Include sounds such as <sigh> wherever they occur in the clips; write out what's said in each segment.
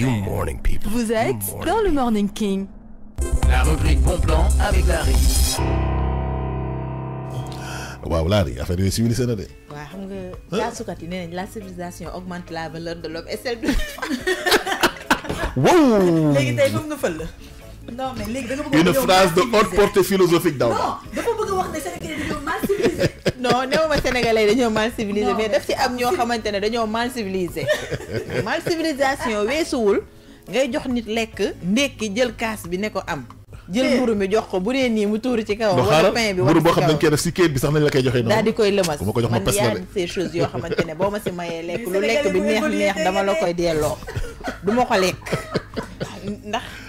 You morning people. Vous êtes morning dans le Morning King. La rubrique Bon Plan avec Larry. waaw Larry affaire de civilisation. na de. waaw xam nga. daa sukkandiku nee la civilisation augmente la valeur de l'homme et celle de. <laughs> wow. <laughs> léegi tey bëgg nga fël la. non mais légui da nga bëgg a. une phrase de haute portée philosophique daaw. non dafa bëgg wax ne Sénégalais dañoo mal civilisé. <laughs> non néew ma sénégalais dañoo mal civilisé mais daf ci am ñoo xamante ne dañoo mal civilisé <laughs> mal civilisation weesuwul ngay jox nit lekk ndekki jël kaas bi ne ko am jël eh. mburu mi jox ko bu dee nii mu tuuru ci kawam wala pain bi mburu boo xam nañ si kéet bi sax nañ la koy joxee noonu daal di koy lëmas bu ma ko jox ma yoo xamante ne boo ma si mayee lekk <laughs> lu lekk bi neex neex dama la koy delloo du ko lekk ndax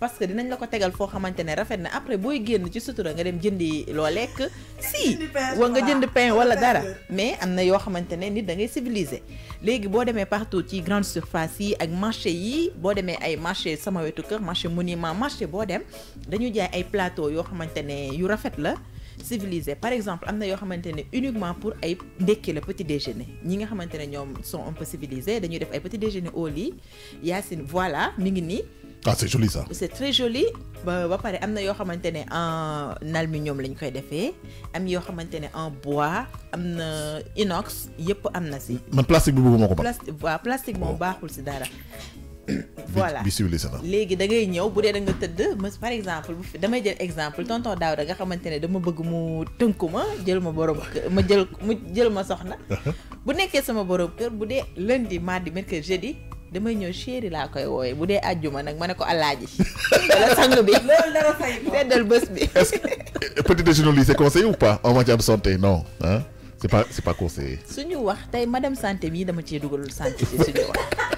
parce que dinañ la ko tegal foo xamante ne rafet na après booy génn ci sutura nga dem jëndi loo lekk si wa nga jënd pain wala dara mais am na yoo xamante ne nit da ngay civilisé léegi boo demee partout ci grande surface yi ak marché yi boo demee ay marché sama wetu kër marché monument marché boo dem dañu jaay ay plateau yoo xamante ne yu rafet la civilisé par exemple am na yoo xamante ne uniquement pour ay ndekki la petit déjeuner ñi nga xamante ne ñoom sont un peu civilisé dañuy def ay petit déjeuner au lit Yacine voilà mi ngi nii ah c'est joli ça. c'est très joli ba a en aluminium lañ koy am en bois amna inox yépp Je si. man plastique bu bëgg un baaxul dara. voilà da ngay ñëw bu da nga par exemple damay jël exemple tonton nga dama bëgg mu jël ma borom ma jël mu jël ma <laughs> bu sama borom kër bu lundi mardi mercredi jeudi. damay ñëw chéri laa koy wooye bu dee àjjuma nag ma ne ko alaaji wala sang bi <laughs> loolu dara fay seddal bés bi est-ce que euh, petit c'est conseillé ou pas en matière de santé non c'est pas c'est pas conseillé suñu wax tey ma madame santé bii dama cee dugalul santé ci suñu wax <laughs>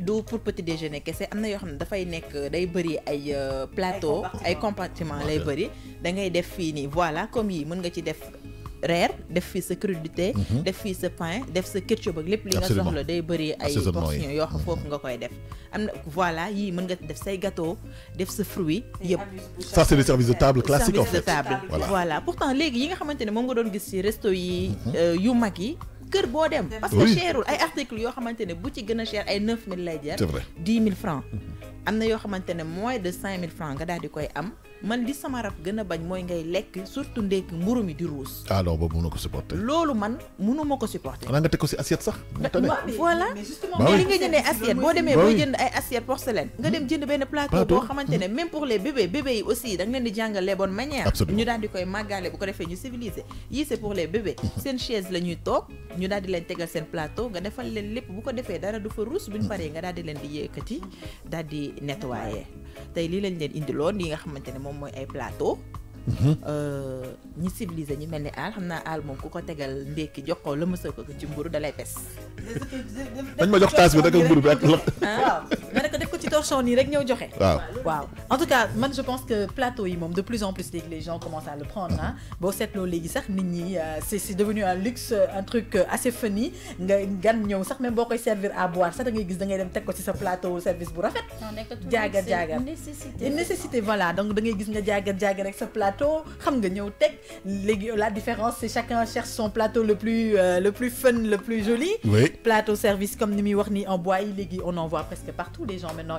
du pour petit déjeuner kese am na yoo xam ne dafay nekk day bëri ay euh, plateau ay compartiment lay bëri da ngay def fii voilà comme yi mën nga ci def reer def fi sa crudité mhm. def fi sa pain def sa ketchup ak lepp li nga soxla day bëri ay portion yo xof foofu nga koy def am voilà yi mën nga def say gâteau def sa fruit yeb ça c'est le service de table classique en fait voilà pourtant légui yi nga xamantene mom nga doon gis ci resto yi mhm. euh, yu mag yi kër boo dem parce que cherul ay articles yoo xamante ne bu ci gën a ay neuf mille lay jar dix mille francs am na yoo xamante ne moins de cinq mille francs nga daal di koy am man di sama rab gën a bañ mooy ngay lekk surtout ndekk mburu mi di ruus. ah non boobu mënu ko supporter. loolu man mënu ko supporter. xanaa nga teg ko si assiette sax. mu tane voilà. mais li nga jëndee assiette boo demee boo jënd ay assiette porcelaine. nga dem jënd benn plateau boo xamante ne même pour nga leen di jàngal les bonnes manières. ñu daal di ko defee ñu civilisé yii c'est pour les bébés. <laughs> seen chaise la ñuy toog ñu daal di leen leen lépp bu ko defee dara du fa ruus buñ paree daal di leen di yëkkati daal di nettoyer tey lii lañ leen indiloon xamante ne moom moom mooy ay plateau. Mhm. Euh, ñi civilisé ñi mel ni aal xam naa aal moom ku ko tegal ndékki jox ko la mësal ko ci mburu dalay pes dañ ma jox taas bi rek mburu bi ak rek waaw en tout cas man je pense que plateau yi de plus en plus les gens commencent à le prendre hein. set lo légui sax nit ñi euh, c'est devenu un luxe euh, un truc euh, assez funny nga gan sax même bon servir à boire Ça da ngay gis da ngay dem tek ko ci sa plateau service bu rafet. jaagar jaagar une nécessité voilà donc da ngay gis nga jaagar jaagar rek plateau xam nga ñeu tek la différence c'est chacun cherche son plateau le plus le plus fun le plus joli. plateau service comme ni mi wax en bois yi on en voit presque partout les gens maintenant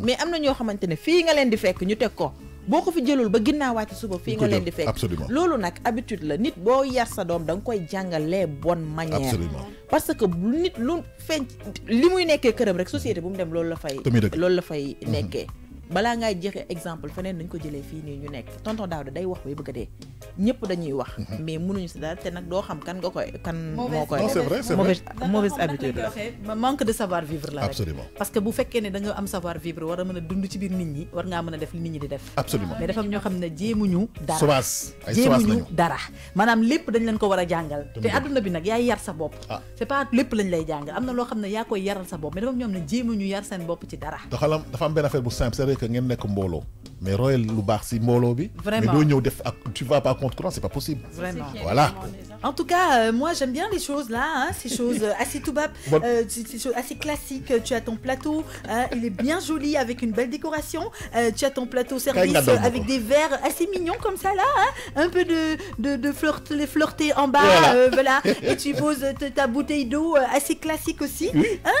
mais am na ñoo xamante ne fii nga leen di fekk ñu teg ko boo ko fi jëlul ba ginnaawaati suba fii nga leen di fekk loolu nag habitude la nit boo yar sa doom danga nga koy jàngal les bonnes manières parce que nit lu fenc li muy nekkee këram rek société bu mu dem loolu la fay loolu la fay mm-hmm. nekkee balaa ngay jeexee exemple feneen nañ ko jëlee fii nii ñu nekk tonton Daouda day wax bay bëgg a dee ñëpp dañuy wax mhm. mais mënuñu si dara te nag doo xam kan nga koy kan moo koy mauvaise habitude la manque de savoir vivre la rek parce que bu fekkee ne da nga am savoir vivre war a mën a dund ci biir nit ñi war ngaa mën a def li nit ñi di def absolument mais dafa am ñoo xam ne jéemuñu dara sowaas jéemuñu dara maanaam lépp dañ leen ko war a jàngal te adduna bi nag yaay yar sa bopp ah. c'est pas lépp lañ lay jàngal am na loo xam ne yaa koy yaral sa bopp mais dafa am ñoo xam ne jéemuñu yar seen bopp ci dara dafa am benn affaire bu simple que ngeen nekk mbolo mais royal lu baax si mbolo bi. mais do def tu vas pas contre courant c'est pas possible. vraiment voilà. en tout cas euh, moi j'aime bien les choses là hein, ces choses euh, assez tout bas euh, ces choses assez classiques tu as ton plateau hein, il est bien joli avec une belle décoration tu as ton plateau service avec des verres assez mignons comme ça là hein, un peu de de, de les flirter en bas voilà. voilà. et tu poses ta bouteille d'eau assez classique aussi hein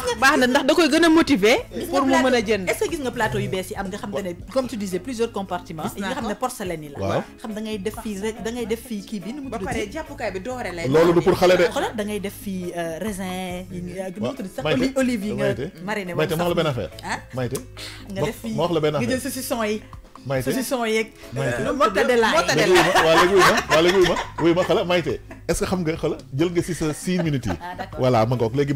baax ndax da koy gën a motiver. pour mu mën a jënd est-ce que gis nga plateau yu bees yi am nga xam ne comme tu disais plusieurs compartiments. yi nga xam ne porcelaine yi la. xam da ngay def fii rek da ngay def fii kii bi nu mu tudd. ba pare jàppukaay bi doore lay. loolu du pour xale de. xoolal da ngay def fii euh, raisin. yi nga nu mu olive yi nga. mariné woon sax Mayte ma wax la benn affaire. Mayte hein? nga def fii nga jël saucisson yi. Mayte saucisson yeeg. Euh, mortadella yi waaw léegi wuy ma waaw léegi wuy ma wuy ma xala Mayte est-ce que xam nga xala jël nga si sa 6 minutes yi. Ah, voilà ma ngoog léegi